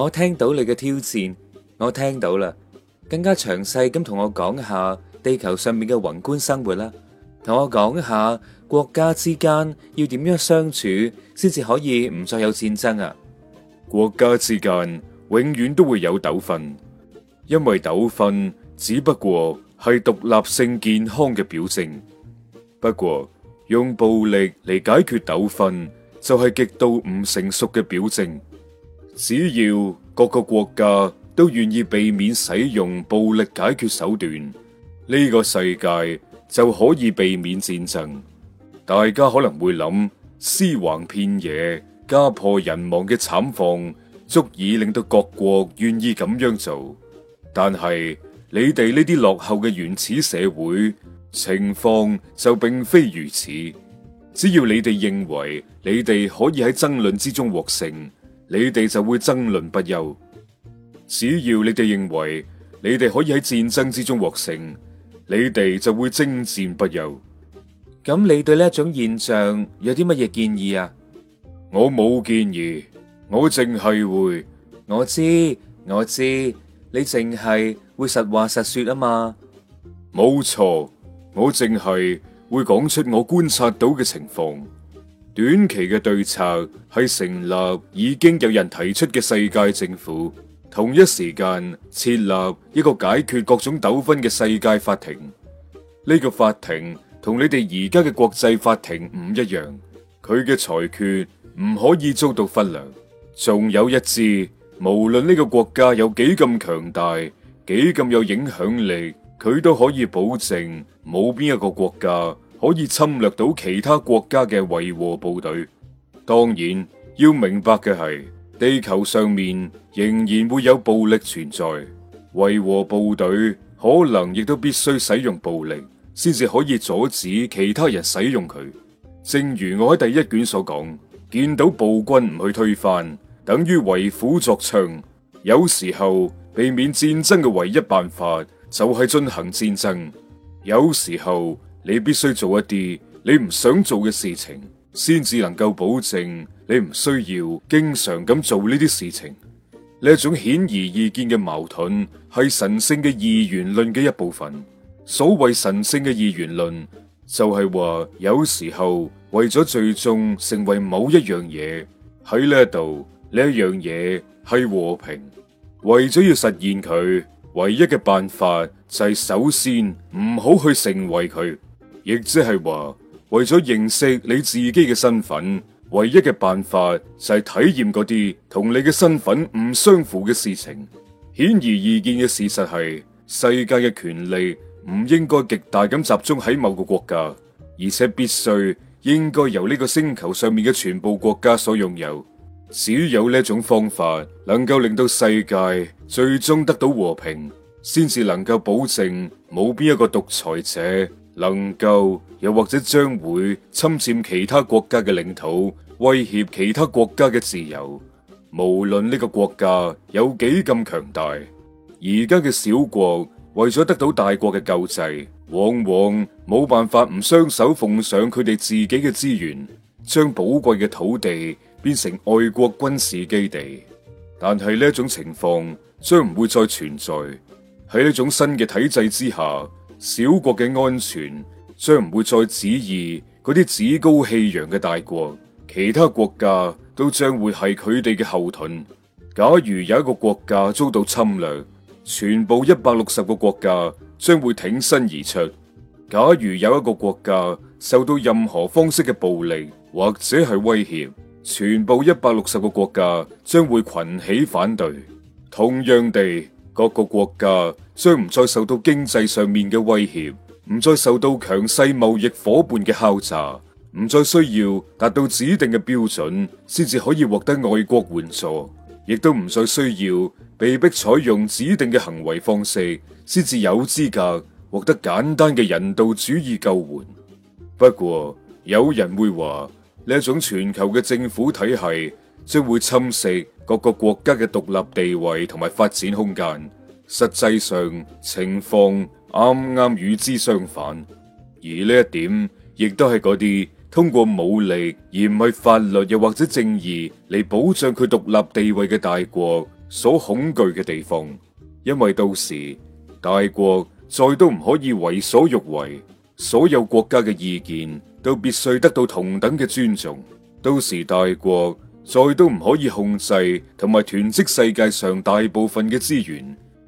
我聽到你嘅挑戰，我聽到啦，更加詳細咁同我講一下地球上面嘅宏觀生活啦，同我講一下國家之間要點樣相處，先至可以唔再有戰爭啊！國家之間永遠都會有糾紛，因為糾紛只不過係獨立性健康嘅表徵，不過用暴力嚟解決糾紛就係極度唔成熟嘅表徵。只要各個國家都願意避免使用暴力解決手段，呢個世界就可以避免戰爭。大家可能會諗，屍橫遍野、家破人亡嘅慘況足以令到各國願意咁樣做。但係你哋呢啲落後嘅原始社會情況就並非如此。只要你哋認為你哋可以喺爭論之中獲勝。你哋就會爭論不休，只要你哋認為你哋可以喺戰爭之中獲勝，你哋就會征戰不休。咁你對呢一種現象有啲乜嘢建議啊？我冇建議，我淨係會我，我知我知，你淨係會實話實說啊嘛。冇錯，我淨係會講出我觀察到嘅情況。短期嘅對策係成立已經有人提出嘅世界政府，同一時間設立一個解決各種糾紛嘅世界法庭。呢、這個法庭同你哋而家嘅國際法庭唔一樣，佢嘅裁決唔可以遭到忽略。仲有一支，無論呢個國家有幾咁強大，幾咁有影響力，佢都可以保證冇邊一個國家。可以侵略到其他國家嘅維和部隊，當然要明白嘅係地球上面仍然會有暴力存在，維和部隊可能亦都必須使用暴力，先至可以阻止其他人使用佢。正如我喺第一卷所講，見到暴君唔去推翻，等於為虎作倀。有時候避免戰爭嘅唯一辦法就係進行戰爭，有時候。你必須做一啲你唔想做嘅事情，先至能夠保證你唔需要經常咁做呢啲事情。呢一種顯而易見嘅矛盾係神聖嘅二元論嘅一部分。所謂神聖嘅二元論，就係話有時候為咗最終成為某一樣嘢，喺呢一度呢一樣嘢係和平，為咗要實現佢，唯一嘅辦法就係首先唔好去成為佢。亦即係話，為咗認識你自己嘅身份，唯一嘅辦法就係體驗嗰啲同你嘅身份唔相符嘅事情。顯而易見嘅事實係，世界嘅權力唔應該極大咁集中喺某個國家，而且必須應該由呢個星球上面嘅全部國家所擁有。只有呢一種方法，能夠令到世界最終得到和平，先至能夠保證冇邊一個獨裁者，能夠又或者將會侵佔其他國家嘅領土，威脅其他國家嘅自由。無論呢個國家有幾咁強大，而家嘅小國為咗得到大國嘅救濟，往往冇辦法唔雙手奉上佢哋自己嘅資源，將寶貴嘅土地變成愛國軍事基地。但係呢一種情況將唔會再存在喺呢種新嘅體制之下。小國嘅安全將唔會再指意嗰啲趾高氣揚嘅大國，其他國家都將會係佢哋嘅後盾。假如有一個國家遭到侵略，全部一百六十個國家將會挺身而出。假如有一個國家受到任何方式嘅暴力或者係威脅，全部一百六十個國家將會群起反對。同樣地，各個國家。將唔再受到經濟上面嘅威脅，唔再受到強勢貿易夥伴嘅敲詐，唔再需要達到指定嘅標準先至可以獲得外國援助，亦都唔再需要被迫採用指定嘅行為方式先至有資格獲得簡單嘅人道主義救援。不過有人會話呢一種全球嘅政府體系將會侵蝕各個國家嘅獨立地位同埋發展空間。實際上情況啱啱與之相反，而呢一點亦都係嗰啲通過武力而唔係法律又或者正義嚟保障佢獨立地位嘅大國所恐懼嘅地方。因為到時大國再都唔可以為所欲為，所有國家嘅意見都必須得到同等嘅尊重。到時大國再都唔可以控制同埋囤積世界上大部分嘅資源。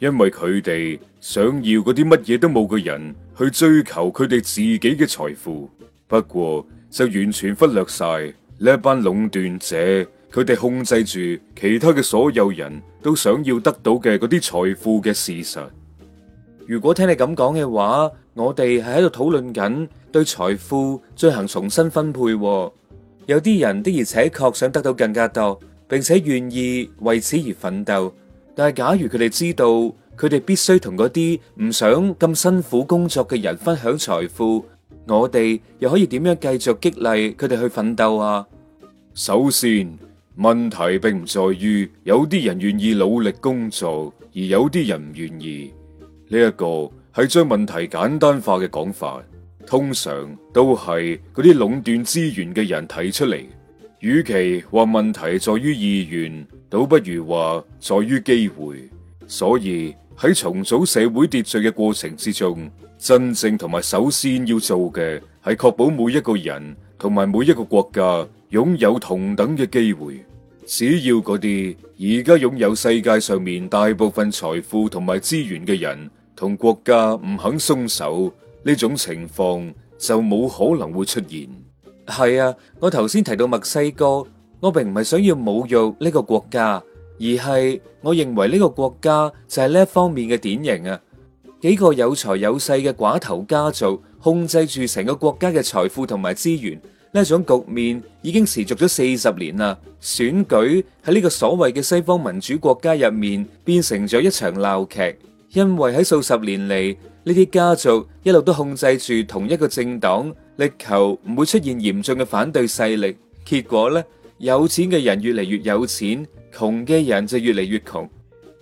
因為佢哋想要嗰啲乜嘢都冇嘅人去追求佢哋自己嘅財富，不過就完全忽略晒呢班壟斷者，佢哋控制住其他嘅所有人都想要得到嘅嗰啲財富嘅事實。如果聽你咁講嘅話，我哋係喺度討論緊對財富進行重新分配，有啲人的而且確想得到更加多，並且願意為此而奮鬥。但係，假如佢哋知道佢哋必須同嗰啲唔想咁辛苦工作嘅人分享財富，我哋又可以點樣繼續激勵佢哋去奮鬥啊？首先，問題並唔在於有啲人願意努力工作，而有啲人唔願意。呢、這、一個係將問題簡單化嘅講法，通常都係嗰啲壟斷資源嘅人提出嚟。與其話問題在於意願。倒不如話在於機會，所以喺重組社會秩序嘅過程之中，真正同埋首先要做嘅係確保每一個人同埋每一個國家擁有同等嘅機會。只要嗰啲而家擁有世界上面大部分財富同埋資源嘅人同國家唔肯鬆手，呢種情況就冇可能會出現。係啊，我頭先提到墨西哥，我並唔係想要侮辱呢個國家，而係我認為呢個國家就係呢一方面嘅典型啊。幾個有財有勢嘅寡頭家族控制住成個國家嘅財富同埋資源，呢一種局面已經持續咗四十年啦。選舉喺呢個所謂嘅西方民主國家入面變成咗一場鬧劇，因為喺數十年嚟，呢啲家族一路都控制住同一個政黨，力求唔會出現嚴重嘅反對勢力。結果呢？有錢嘅人越嚟越有錢，窮嘅人就越嚟越窮。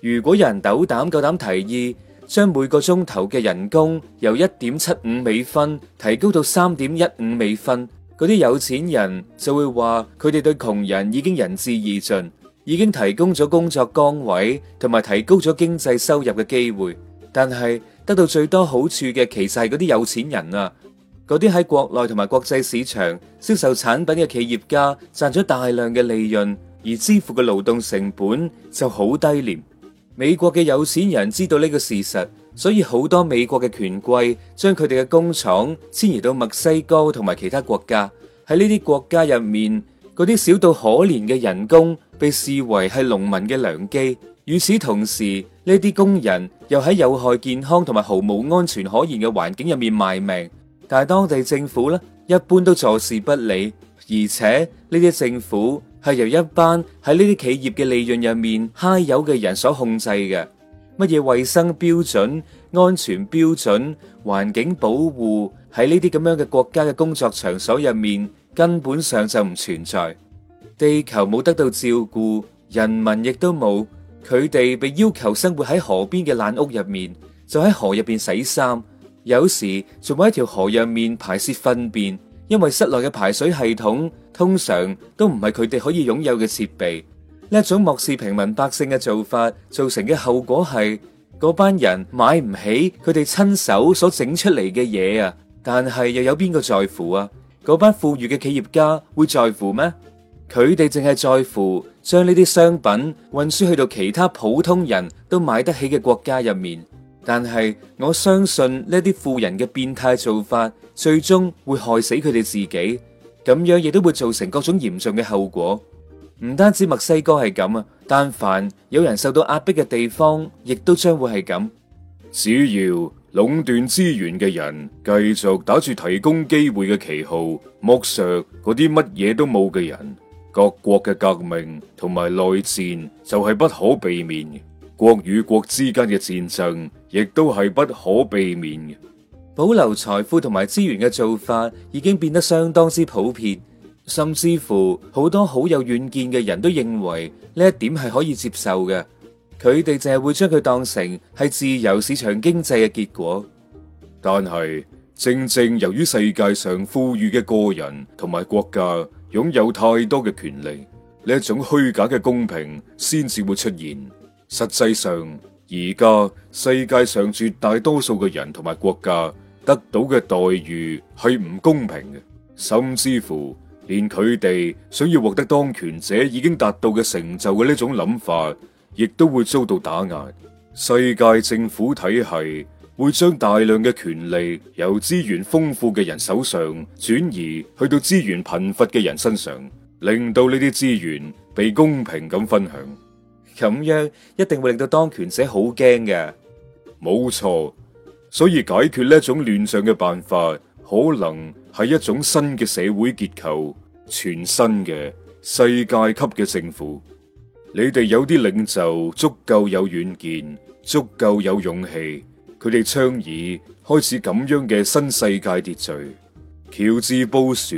如果有人鬥膽夠膽提議將每個鐘頭嘅人工由一點七五美分提高到三點一五美分，嗰啲有錢人就會話佢哋對窮人已經仁至義盡，已經提供咗工作崗位同埋提高咗經濟收入嘅機會。但係得到最多好處嘅其實係嗰啲有錢人啊。嗰啲喺國內同埋國際市場銷售產品嘅企業家賺咗大量嘅利潤，而支付嘅勞動成本就好低廉。美國嘅有錢人知道呢個事實，所以好多美國嘅權貴將佢哋嘅工廠遷移到墨西哥同埋其他國家。喺呢啲國家入面，嗰啲少到可憐嘅人工被視為係農民嘅良機。與此同時，呢啲工人又喺有害健康同埋毫無安全可言嘅環境入面賣命。但係當地政府咧，一般都坐視不理，而且呢啲政府係由一班喺呢啲企業嘅利潤入面揩油嘅人所控制嘅。乜嘢衛生標準、安全標準、環境保護喺呢啲咁樣嘅國家嘅工作場所入面，根本上就唔存在。地球冇得到照顧，人民亦都冇，佢哋被要求生活喺河邊嘅爛屋入面，就喺河入邊洗衫。有時仲喺條河入面排泄糞便，因為室內嘅排水系統通常都唔係佢哋可以擁有嘅設備。呢一種漠視平民百姓嘅做法，造成嘅後果係嗰班人買唔起佢哋親手所整出嚟嘅嘢啊！但係又有邊個在乎啊？嗰班富裕嘅企業家會在乎咩？佢哋淨係在乎將呢啲商品運輸去到其他普通人都買得起嘅國家入面。但係我相信呢啲富人嘅變態做法，最終會害死佢哋自己，咁樣亦都會造成各種嚴重嘅後果。唔單止墨西哥係咁啊，但凡有人受到壓迫嘅地方，亦都將會係咁。只要壟斷資源嘅人繼續打住提供機會嘅旗號，剝削嗰啲乜嘢都冇嘅人，各國嘅革命同埋內戰就係不可避免。國與國之間嘅戰爭，亦都係不可避免嘅。保留財富同埋資源嘅做法，已經變得相當之普遍，甚至乎好多好有遠見嘅人都認為呢一點係可以接受嘅。佢哋淨係會將佢當成係自由市場經濟嘅結果。但係正正由於世界上富裕嘅個人同埋國家擁有太多嘅權利，呢一種虛假嘅公平先至會出現。實際上，而家世界上絕大多數嘅人同埋國家得到嘅待遇係唔公平嘅，甚至乎連佢哋想要獲得當權者已經達到嘅成就嘅呢種諗法，亦都會遭到打壓。世界政府體系會將大量嘅權力由資源豐富嘅人手上轉移去到資源貧乏嘅人身上，令到呢啲資源被公平咁分享。咁樣一定會令到當權者好驚嘅，冇錯。所以解決呢一種亂象嘅辦法，可能係一種新嘅社會結構，全新嘅世界級嘅政府。你哋有啲領袖足夠有遠見，足夠有勇氣，佢哋倡議開始咁樣嘅新世界秩序。喬治·布殊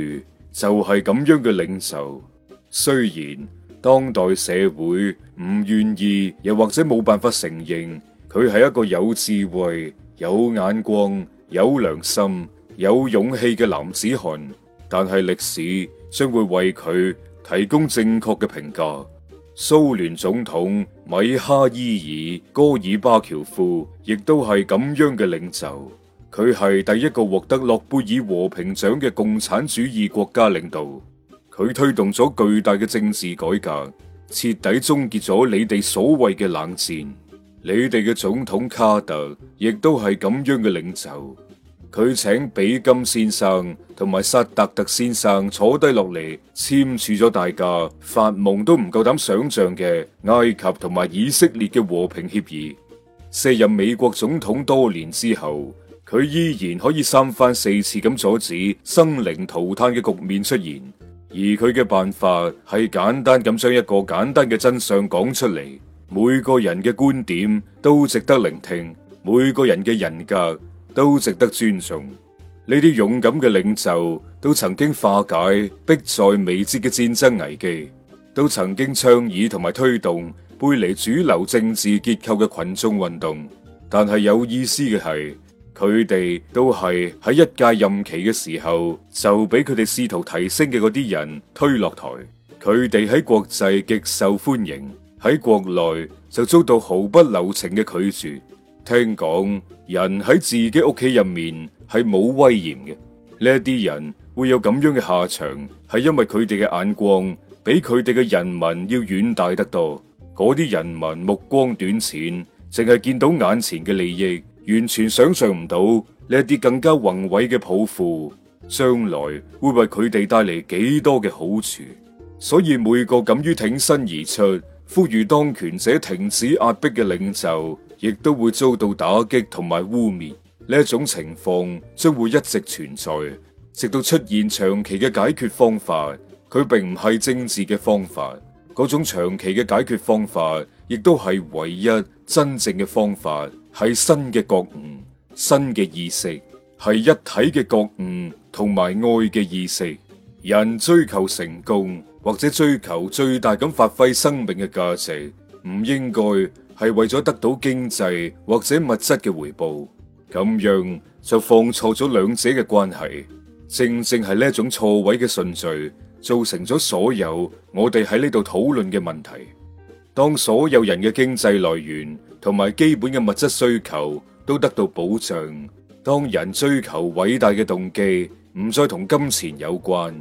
就係咁樣嘅領袖，雖然。當代社會唔願意，又或者冇辦法承認佢係一個有智慧、有眼光、有良心、有勇氣嘅男子漢，但係歷史將會為佢提供正確嘅評價。蘇聯總統米哈伊爾·戈爾巴喬夫亦都係咁樣嘅領袖，佢係第一個獲得諾貝爾和平獎嘅共產主義國家領導。佢推動咗巨大嘅政治改革，徹底終結咗你哋所謂嘅冷戰。你哋嘅總統卡特亦都係咁樣嘅領袖。佢請比金先生同埋薩達特先生坐低落嚟，簽署咗大家發夢都唔夠膽想象嘅埃及同埋以色列嘅和平協議。卸任美國總統多年之後，佢依然可以三番四次咁阻止生靈塗炭嘅局面出現。而佢嘅辦法係簡單咁將一個簡單嘅真相講出嚟。每個人嘅觀點都值得聆聽，每個人嘅人格都值得尊重。呢啲勇敢嘅領袖都曾經化解迫在眉睫嘅戰爭危機，都曾經倡議同埋推動背離主流政治結構嘅群眾運動。但係有意思嘅係。佢哋都係喺一屆任期嘅時候，就俾佢哋試圖提升嘅嗰啲人推落台。佢哋喺國際極受歡迎，喺國內就遭到毫不留情嘅拒絕。聽講，人喺自己屋企入面係冇威嚴嘅。呢一啲人會有咁樣嘅下場，係因為佢哋嘅眼光比佢哋嘅人民要遠大得多。嗰啲人民目光短淺，淨係見到眼前嘅利益。完全想象唔到呢一啲更加宏偉嘅抱負將來會為佢哋帶嚟幾多嘅好處，所以每個敢於挺身而出呼籲當權者停止壓迫嘅領袖，亦都會遭到打擊同埋污衊。呢一種情況將會一直存在，直到出現長期嘅解決方法。佢並唔係政治嘅方法，嗰種長期嘅解決方法亦都係唯一真正嘅方法。係新嘅覺悟，新嘅意識，係一體嘅覺悟同埋愛嘅意識。人追求成功或者追求最大咁發揮生命嘅價值，唔應該係為咗得到經濟或者物質嘅回報，咁樣就放錯咗兩者嘅關係。正正係呢種錯位嘅順序，造成咗所有我哋喺呢度討論嘅問題。當所有人嘅經濟來源，同埋基本嘅物質需求都得到保障。當人追求偉大嘅動機唔再同金錢有關，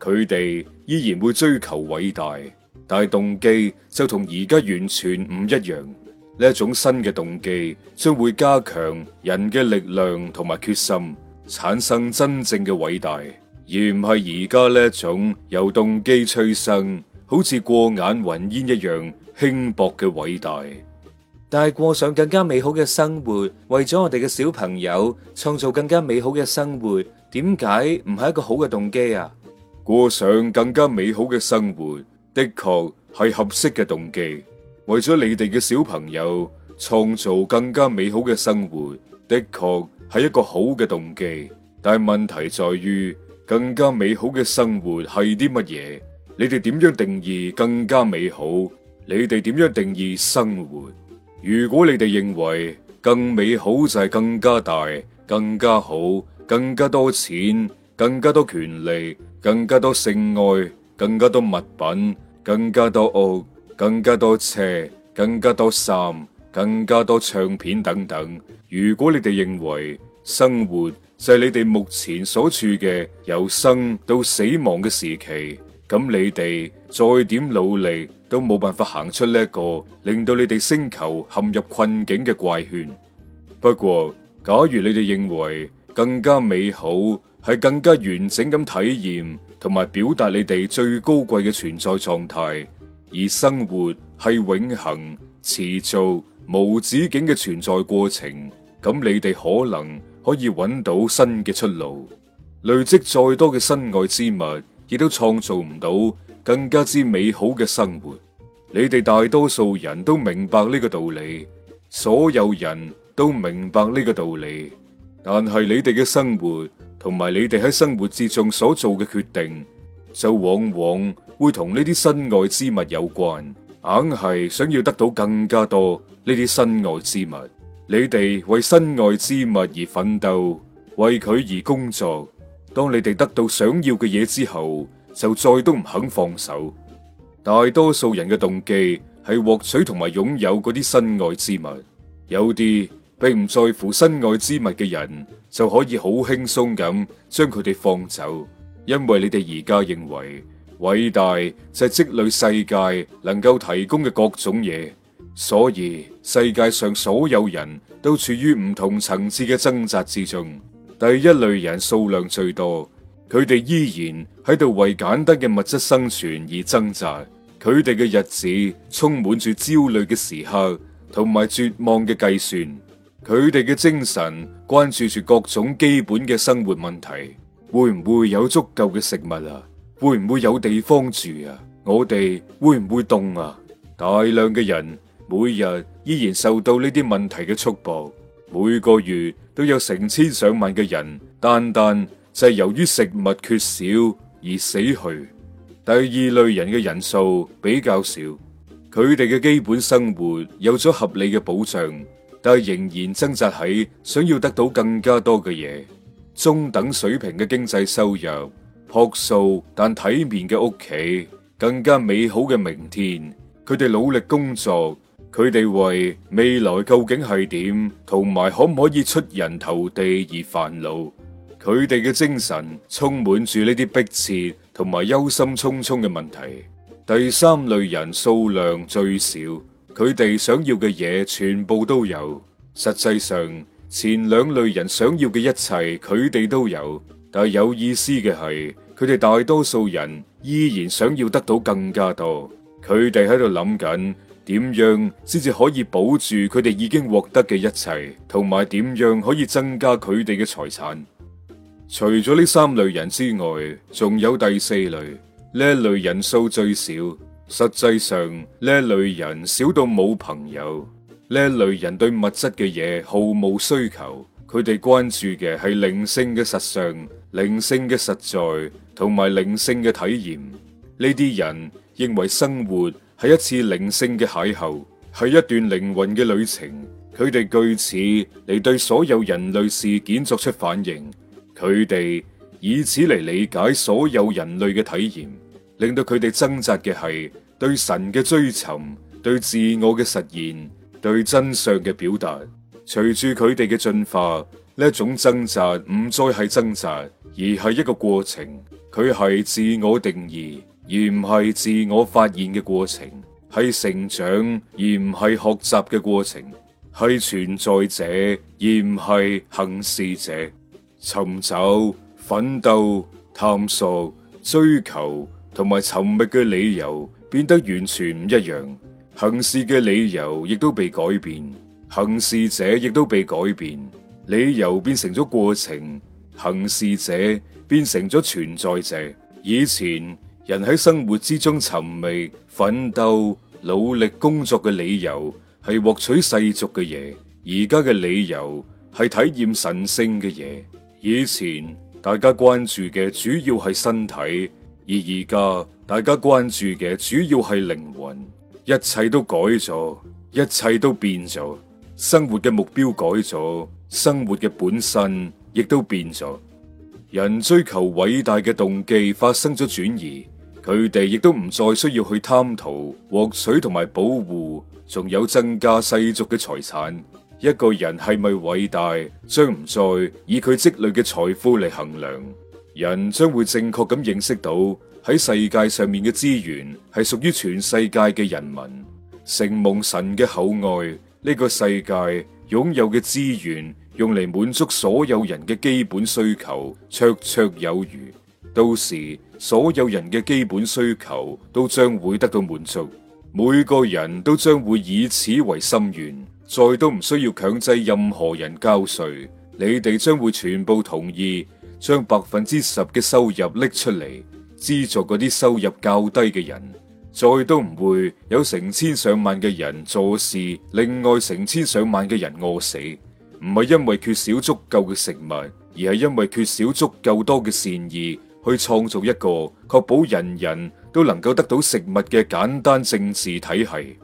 佢哋依然會追求偉大，但係動機就同而家完全唔一樣。呢種新嘅動機將會加強人嘅力量同埋決心，產生真正嘅偉大，而唔係而家呢種由動機催生，好似過眼雲煙一樣輕薄嘅偉大。但係過上更加美好嘅生活，為咗我哋嘅小朋友創造更加美好嘅生活，點解唔係一個好嘅動機啊？過上更加美好嘅生活的確係合適嘅動機，為咗你哋嘅小朋友創造更加美好嘅生活的確係一個好嘅動機。但係問題在於更加美好嘅生活係啲乜嘢？你哋點樣定義更加美好？你哋點樣定義生活？如果你哋認為更美好就係更加大、更加好、更加多錢、更加多權力、更加多性愛、更加多物品、更加多屋、更加多車、更加多衫、更加多唱片等等，如果你哋認為生活就係你哋目前所處嘅由生到死亡嘅時期，咁你哋。再點努力都冇辦法行出呢一個令到你哋星球陷入困境嘅怪圈。不過，假如你哋認為更加美好係更加完整咁體驗同埋表達你哋最高貴嘅存在狀態，而生活係永恆、持續、無止境嘅存在過程，咁你哋可能可以揾到新嘅出路。累積再多嘅身外之物，亦都創造唔到。更加之美好嘅生活，你哋大多數人都明白呢個道理，所有人都明白呢個道理，但係你哋嘅生活同埋你哋喺生活之中所做嘅決定，就往往會同呢啲身外之物有關，硬係想要得到更加多呢啲身外之物，你哋為身外之物而奮鬥，為佢而工作，當你哋得到想要嘅嘢之後。就再都唔肯放手。大多數人嘅動機係獲取同埋擁有嗰啲身外之物。有啲並唔在乎身外之物嘅人，就可以好輕鬆咁將佢哋放走。因為你哋而家認為偉大就係積累世界能夠提供嘅各種嘢，所以世界上所有人都處於唔同層次嘅掙扎之中。第一類人數量最多。佢哋依然喺度為簡單嘅物質生存而掙扎，佢哋嘅日子充滿住焦慮嘅時刻，同埋絕望嘅計算。佢哋嘅精神關注住各種基本嘅生活問題：會唔會有足夠嘅食物啊？會唔會有地方住啊？我哋會唔會凍啊？大量嘅人每日依然受到呢啲問題嘅束縛，每個月都有成千上萬嘅人單單，就係由於食物缺少而死去。第二類人嘅人數比較少，佢哋嘅基本生活有咗合理嘅保障，但係仍然掙扎喺想要得到更加多嘅嘢。中等水平嘅經濟收入，樸素但體面嘅屋企，更加美好嘅明天，佢哋努力工作，佢哋為未來究竟係點，同埋可唔可以出人頭地而煩惱。佢哋嘅精神充滿住呢啲迫切同埋憂心忡忡嘅問題。第三類人數量最少，佢哋想要嘅嘢全部都有。實際上，前兩類人想要嘅一切，佢哋都有。但係有意思嘅係，佢哋大多數人依然想要得到更加多。佢哋喺度諗緊點樣先至可以保住佢哋已經獲得嘅一切，同埋點樣可以增加佢哋嘅財產。除咗呢三類人之外，仲有第四類，呢一類人數最少。實際上呢一類人少到冇朋友，呢一類人對物質嘅嘢毫無需求，佢哋關注嘅係靈性嘅實相、靈性嘅實在同埋靈性嘅體驗。呢啲人認為生活係一次靈性嘅邂逅，係一段靈魂嘅旅程。佢哋據此嚟對所有人類事件作出反應。佢哋以此嚟理解所有人類嘅體驗，令到佢哋掙扎嘅係對神嘅追尋、對自我嘅實現、對真相嘅表達。隨住佢哋嘅進化，呢一種掙扎唔再係掙扎，而係一個過程。佢係自我定義而唔係自我發現嘅過程，係成長而唔係學習嘅過程，係存在者而唔係行事者。尋找、奮鬥、探索、追求同埋尋覓嘅理由變得完全唔一樣，行事嘅理由亦都被改變，行事者亦都被改變。理由變成咗過程，行事者變成咗存在者。以前人喺生活之中尋覓、奮鬥、努力工作嘅理由係獲取世俗嘅嘢，而家嘅理由係體驗神聖嘅嘢。以前大家關注嘅主要係身體，而而家大家關注嘅主要係靈魂。一切都改咗，一切都變咗。生活嘅目標改咗，生活嘅本身亦都變咗。人追求偉大嘅動機發生咗轉移，佢哋亦都唔再需要去貪圖、獲取同埋保護，仲有增加世俗嘅財產。一個人係咪偉大，將唔再以佢積累嘅財富嚟衡量。人將會正確咁認識到喺世界上面嘅資源係屬於全世界嘅人民。承蒙神嘅厚愛，呢個世界擁有嘅資源用嚟滿足所有人嘅基本需求，綽綽有餘。到時所有人嘅基本需求都將會得到滿足，每個人都將會以此為心願。再都唔需要強制任何人交稅，你哋將會全部同意將百分之十嘅收入拎出嚟資助嗰啲收入較低嘅人，再都唔會有成千上萬嘅人做事，另外成千上萬嘅人餓死，唔係因為缺少足夠嘅食物，而係因為缺少足夠多嘅善意去創造一個確保人人都能夠得到食物嘅簡單政治體系。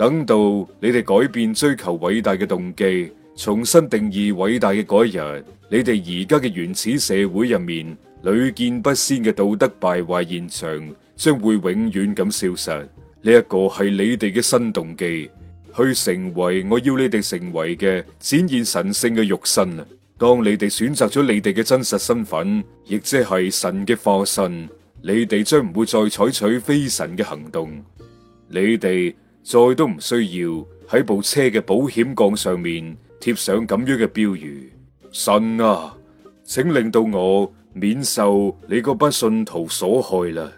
等到你哋改變追求偉大嘅動機，重新定義偉大嘅嗰日，你哋而家嘅原始社會入面屢見不鮮嘅道德敗壞現象，將會永遠咁消失。呢一個係你哋嘅新動機，去成為我要你哋成為嘅展現神聖嘅肉身啊！當你哋選擇咗你哋嘅真實身份，亦即係神嘅化身，你哋將唔會再採取非神嘅行動，你哋，再都唔需要喺部車嘅保險槓上面貼上咁樣嘅標語，神啊，請令到我免受你個不信徒所害啦。